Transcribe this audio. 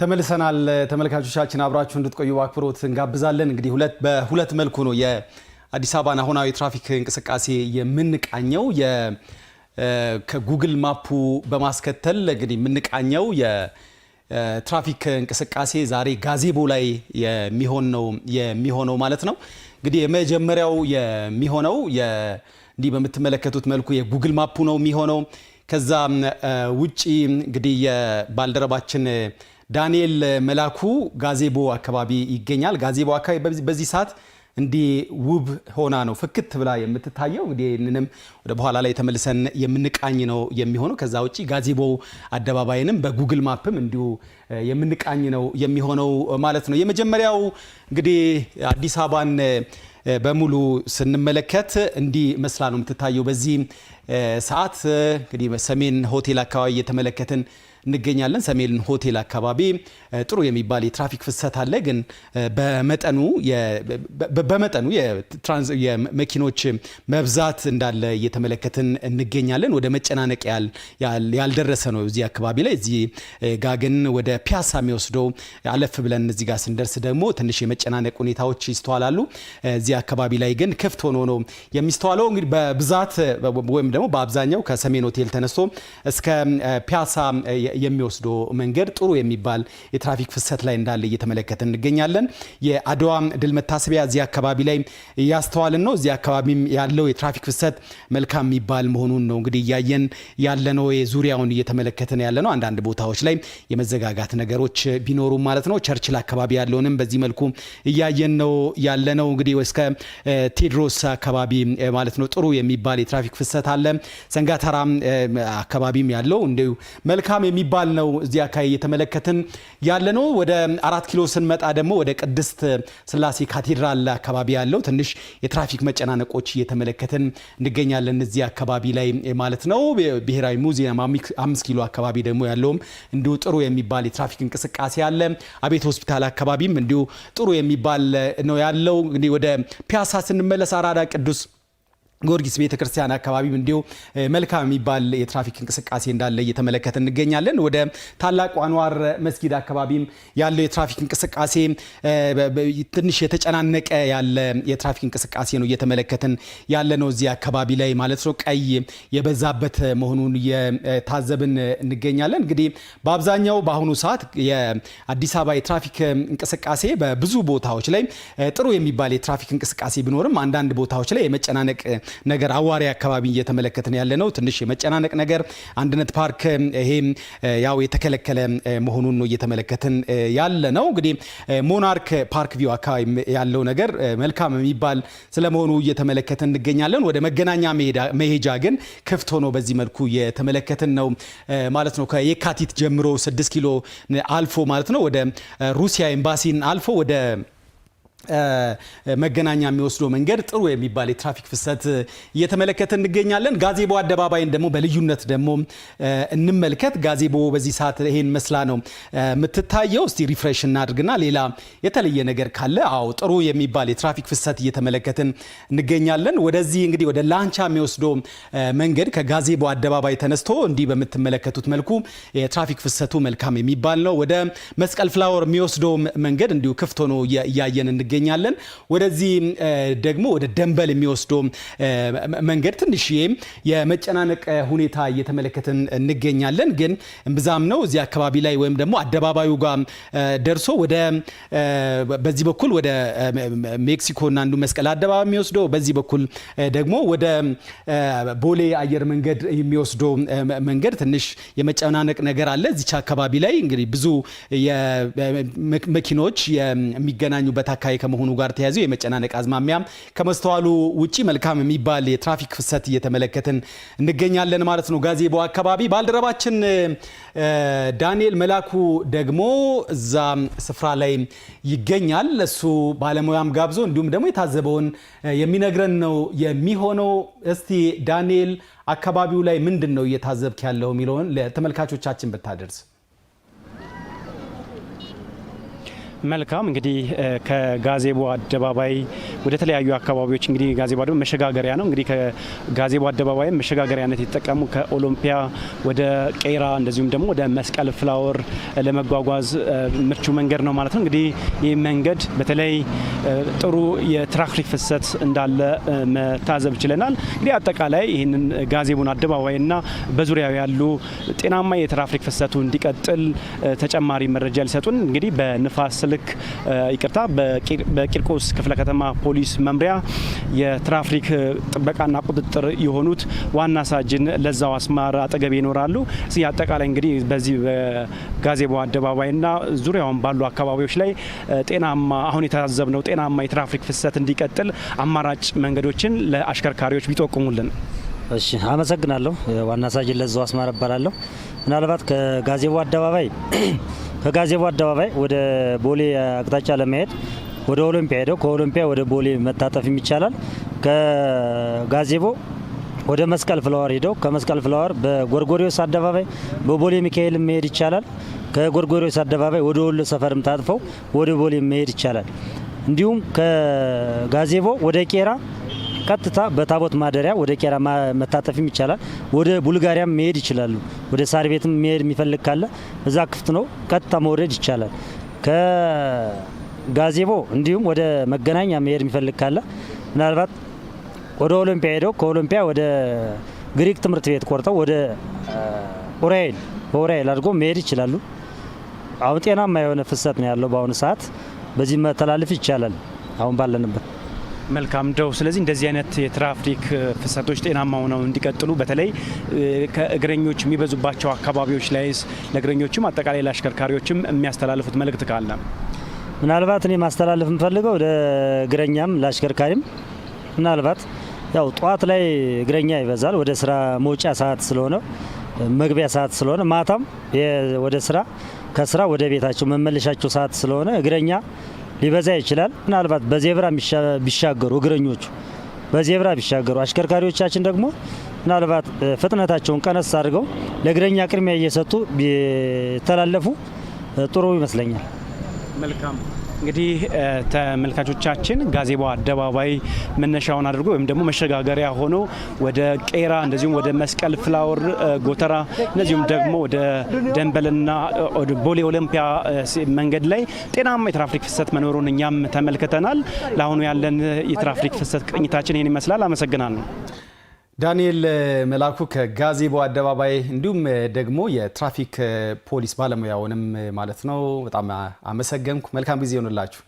ተመልሰናል ተመልካቾቻችን፣ አብራችሁ እንድትቆዩ በአክብሮት እንጋብዛለን። እንግዲህ ሁለት በሁለት መልኩ ነው የአዲስ አበባን አሁናዊ የትራፊክ እንቅስቃሴ የምንቃኘው። ከጉግል ማፑ በማስከተል እንግዲህ የምንቃኘው የትራፊክ እንቅስቃሴ ዛሬ ጋዜቦ ላይ የሚሆን ነው የሚሆነው ማለት ነው። እንግዲህ የመጀመሪያው የሚሆነው እንዲህ በምትመለከቱት መልኩ የጉግል ማፑ ነው የሚሆነው። ከዛ ውጪ እንግዲህ የባልደረባችን ዳንኤል መላኩ ጋዜቦ አካባቢ ይገኛል። ጋዜቦ አካባቢ በዚህ ሰዓት እንዲህ ውብ ሆና ነው ፍክት ብላ የምትታየው። እንግዲህ ይህንንም ወደ በኋላ ላይ ተመልሰን የምንቃኝ ነው የሚሆነው። ከዛ ውጭ ጋዜቦ አደባባይንም በጉግል ማፕም እንዲሁ የምንቃኝ ነው የሚሆነው ማለት ነው። የመጀመሪያው እንግዲህ አዲስ አበባን በሙሉ ስንመለከት እንዲህ መስላ ነው የምትታየው በዚህ ሰዓት እንግዲህ ሰሜን ሆቴል አካባቢ እየተመለከትን እንገኛለን። ሰሜን ሆቴል አካባቢ ጥሩ የሚባል የትራፊክ ፍሰት አለ። ግን በመጠኑ በመጠኑ የመኪኖች መብዛት እንዳለ እየተመለከትን እንገኛለን። ወደ መጨናነቅ ያልደረሰ ነው እዚህ አካባቢ ላይ። እዚህ ጋ ግን ወደ ፒያሳ የሚወስደው አለፍ ብለን እዚህ ጋር ስንደርስ ደግሞ ትንሽ የመጨናነቅ ሁኔታዎች ይስተዋላሉ። እዚህ አካባቢ ላይ ግን ክፍት ሆኖ ነው የሚስተዋለው። እንግዲህ በብዛት ወይም ደግሞ በአብዛኛው ከሰሜን ሆቴል ተነስቶ እስከ ፒያሳ የሚወስዶ መንገድ ጥሩ የሚባል የትራፊክ ፍሰት ላይ እንዳለ እየተመለከተ እንገኛለን። የአድዋ ድል መታሰቢያ እዚህ አካባቢ ላይ ያስተዋልን ነው። እዚህ አካባቢም ያለው የትራፊክ ፍሰት መልካም የሚባል መሆኑን ነው እንግዲህ እያየን ያለ ነው። ዙሪያውን እየተመለከትን ያለ ነው። አንዳንድ ቦታዎች ላይ የመዘጋጋት ነገሮች ቢኖሩም ማለት ነው። ቸርችል አካባቢ ያለውንም በዚህ መልኩ እያየን ነው ያለ ነው። እንግዲህ እስከ ቴድሮስ አካባቢ ማለት ነው ጥሩ የሚባል የትራፊክ ፍሰት አለ። ሰንጋተራ አካባቢም ያለው እንዲሁ መልካም የሚ ሲባል ነው እዚህ አካባቢ እየተመለከትን ያለ ነው። ወደ አራት ኪሎ ስንመጣ ደግሞ ወደ ቅድስት ስላሴ ካቴድራል አካባቢ ያለው ትንሽ የትራፊክ መጨናነቆች እየተመለከትን እንገኛለን እዚህ አካባቢ ላይ ማለት ነው። ብሔራዊ ሙዚየም አምስት ኪሎ አካባቢ ደግሞ ያለውም እንዲሁ ጥሩ የሚባል የትራፊክ እንቅስቃሴ አለ። አቤት ሆስፒታል አካባቢም እንዲሁ ጥሩ የሚባል ነው ያለው። እንግዲህ ወደ ፒያሳ ስንመለስ አራዳ ቅዱስ ጊዮርጊስ ቤተክርስቲያን አካባቢም እንዲሁ መልካም የሚባል የትራፊክ እንቅስቃሴ እንዳለ እየተመለከተ እንገኛለን። ወደ ታላቁ አንዋር መስጊድ አካባቢም ያለው የትራፊክ እንቅስቃሴ ትንሽ የተጨናነቀ ያለ የትራፊክ እንቅስቃሴ ነው እየተመለከትን ያለ ነው እዚህ አካባቢ ላይ ማለት ነው። ቀይ የበዛበት መሆኑን እየታዘብን እንገኛለን። እንግዲህ በአብዛኛው በአሁኑ ሰዓት የአዲስ አበባ የትራፊክ እንቅስቃሴ በብዙ ቦታዎች ላይ ጥሩ የሚባል የትራፊክ እንቅስቃሴ ቢኖርም አንዳንድ ቦታዎች ላይ የመጨናነቅ ነገር አዋሪ አካባቢ እየተመለከትን ያለ ነው። ትንሽ የመጨናነቅ ነገር አንድነት ፓርክ ይሄም ያው የተከለከለ መሆኑን ነው እየተመለከትን ያለ ነው። እንግዲህ ሞናርክ ፓርክ ቪው አካባቢ ያለው ነገር መልካም የሚባል ስለመሆኑ እየተመለከትን እንገኛለን። ወደ መገናኛ መሄጃ ግን ክፍት ሆኖ በዚህ መልኩ እየተመለከትን ነው ማለት ነው። ከየካቲት ጀምሮ ስድስት ኪሎ አልፎ ማለት ነው ወደ ሩሲያ ኤምባሲን አልፎ ወደ መገናኛ የሚወስደው መንገድ ጥሩ የሚባል የትራፊክ ፍሰት እየተመለከተ እንገኛለን። ጋዜቦ አደባባይን ደግሞ በልዩነት ደግሞ እንመልከት። ጋዜቦ በዚህ ሰዓት ይሄን መስላ ነው የምትታየው። እስቲ ሪፍሬሽ እናድርግና ሌላ የተለየ ነገር ካለ አዎ፣ ጥሩ የሚባል የትራፊክ ፍሰት እየተመለከትን እንገኛለን። ወደዚህ እንግዲህ ወደ ላንቻ የሚወስደው መንገድ ከጋዜቦ አደባባይ ተነስቶ እንዲህ በምትመለከቱት መልኩ የትራፊክ ፍሰቱ መልካም የሚባል ነው። ወደ መስቀል ፍላወር የሚወስደው መንገድ እንዲሁ ክፍት ሆኖ እያየን እንገኛለን። ወደዚህ ደግሞ ወደ ደንበል የሚወስዶ መንገድ ትንሽ ይህም የመጨናነቅ ሁኔታ እየተመለከትን እንገኛለን። ግን እምብዛም ነው እዚህ አካባቢ ላይ ወይም ደግሞ አደባባዩ ጋር ደርሶ ወደ በዚህ በኩል ወደ ሜክሲኮና አንዱ መስቀል አደባባይ የሚወስዶ በዚህ በኩል ደግሞ ወደ ቦሌ አየር መንገድ የሚወስደው መንገድ ትንሽ የመጨናነቅ ነገር አለ። እዚች አካባቢ ላይ እንግዲህ ብዙ መኪኖች የሚገናኙበት አካባቢ ላይ ከመሆኑ ጋር ተያይዞ የመጨናነቅ አዝማሚያ ከመስተዋሉ ውጪ መልካም የሚባል የትራፊክ ፍሰት እየተመለከትን እንገኛለን ማለት ነው። ጋዜቦ አካባቢ ባልደረባችን ዳንኤል መላኩ ደግሞ እዛ ስፍራ ላይ ይገኛል። እሱ ባለሙያም ጋብዞ እንዲሁም ደግሞ የታዘበውን የሚነግረን ነው የሚሆነው። እስቲ ዳንኤል አካባቢው ላይ ምንድን ነው እየታዘብክ ያለው የሚለውን ለተመልካቾቻችን ብታደርስ መልካም እንግዲህ ከጋዜቦ አደባባይ ወደ ተለያዩ አካባቢዎች እንግዲህ ጋዜቦ አደባባይ መሸጋገሪያ ነው። እንግዲህ ከጋዜቦ አደባባይ መሸጋገሪያነት የተጠቀሙ ከኦሎምፒያ ወደ ቄራ እንደዚሁም ደግሞ ወደ መስቀል ፍላወር ለመጓጓዝ ምቹ መንገድ ነው ማለት ነው። እንግዲህ ይህ መንገድ በተለይ ጥሩ የትራፊክ ፍሰት እንዳለ መታዘብ ችለናል። እንግዲህ አጠቃላይ ይህንን ጋዜቦን አደባባይና በዙሪያው ያሉ ጤናማ የትራፊክ ፍሰቱ እንዲቀጥል ተጨማሪ መረጃ ሊሰጡን እንግዲህ በንፋስ ልክ ይቅርታ በቂርቆስ ክፍለ ከተማ ፖሊስ መምሪያ የትራፊክ ጥበቃና ቁጥጥር የሆኑት ዋና ሳጅን ለዛው አስማራ አጠገብ ይኖራሉ። እዚህ አጠቃላይ እንግዲህ በዚህ በጋዜቦ አደባባይና ዙሪያውን ባሉ አካባቢዎች ላይ ጤናማ አሁን የታዘብነው ጤናማ የትራፊክ ፍሰት እንዲቀጥል አማራጭ መንገዶችን ለአሽከርካሪዎች ቢጠቁሙልን እሺ አመሰግናለሁ። ዋና ሳጅን ለዛው አስማረ እባላለሁ። ምናልባት ከጋዜቦ አደባባይ ከጋዜቦ አደባባይ ወደ ቦሌ አቅጣጫ ለመሄድ ወደ ኦሎምፒያ ሄደው ከኦሎምፒያ ወደ ቦሌ መታጠፍ ይቻላል። ከጋዜቦ ወደ መስቀል ፍላወር ሄደው ከመስቀል ፍላወር በጎርጎሪዮስ አደባባይ በቦሌ ሚካኤል መሄድ ይቻላል። ከጎርጎሪዮስ አደባባይ ወደ ወሎ ሰፈርም ታጥፈው ወደ ቦሌ መሄድ ይቻላል። እንዲሁም ከጋዜቦ ወደ ቄራ ቀጥታ በታቦት ማደሪያ ወደ ቄራ መታጠፍም ይቻላል። ወደ ቡልጋሪያም መሄድ ይችላሉ። ወደ ሳር ቤትም መሄድ የሚፈልግ ካለ እዛ ክፍት ነው፣ ቀጥታ መውረድ ይቻላል። ከጋዜቦ እንዲሁም ወደ መገናኛ መሄድ የሚፈልግ ካለ ምናልባት ወደ ኦሎምፒያ ሄደው ከኦሎምፒያ ወደ ግሪክ ትምህርት ቤት ቆርጠው ወደ ኡራኤል በኡራኤል አድርጎ መሄድ ይችላሉ። አሁን ጤናማ የሆነ ፍሰት ነው ያለው በአሁኑ ሰዓት። በዚህ መተላለፍ ይቻላል አሁን ባለንበት መልካም ደው። ስለዚህ እንደዚህ አይነት የትራፊክ ፍሰቶች ጤናማ ሆነው እንዲቀጥሉ በተለይ ከእግረኞች የሚበዙባቸው አካባቢዎች ላይስ ለእግረኞችም አጠቃላይ ለአሽከርካሪዎችም የሚያስተላልፉት መልእክት ካለ ምናልባት እኔ ማስተላለፍ የምፈልገው ለእግረኛም ለአሽከርካሪም ምናልባት ያው ጠዋት ላይ እግረኛ ይበዛል ወደ ስራ መውጫ ሰዓት ስለሆነ መግቢያ ሰዓት ስለሆነ ማታም ወደ ስራ ከስራ ወደ ቤታቸው መመለሻቸው ሰዓት ስለሆነ እግረኛ ሊበዛ ይችላል። ምናልባት በዜብራ ቢሻገሩ እግረኞቹ በዜብራ ቢሻገሩ፣ አሽከርካሪዎቻችን ደግሞ ምናልባት ፍጥነታቸውን ቀነስ አድርገው ለእግረኛ ቅድሚያ እየሰጡ ቢተላለፉ ጥሩ ይመስለኛል። መልካም እንግዲህ ተመልካቾቻችን ጋዜቦ አደባባይ መነሻውን አድርጎ ወይም ደግሞ መሸጋገሪያ ሆኖ ወደ ቄራ እንደዚሁም ወደ መስቀል ፍላወር ጎተራ እንደዚሁም ደግሞ ወደ ደንበልና ቦሌ ኦሎምፒያ መንገድ ላይ ጤናማ የትራፊክ ፍሰት መኖሩን እኛም ተመልክተናል። ለአሁኑ ያለን የትራፊክ ፍሰት ቅኝታችን ይህን ይመስላል። አመሰግናለሁ። ዳንኤል መላኩ ከጋዜቦ አደባባይ እንዲሁም ደግሞ የትራፊክ ፖሊስ ባለሙያውንም ማለት ነው በጣም አመሰገንኩ። መልካም ጊዜ ይሆንላችሁ።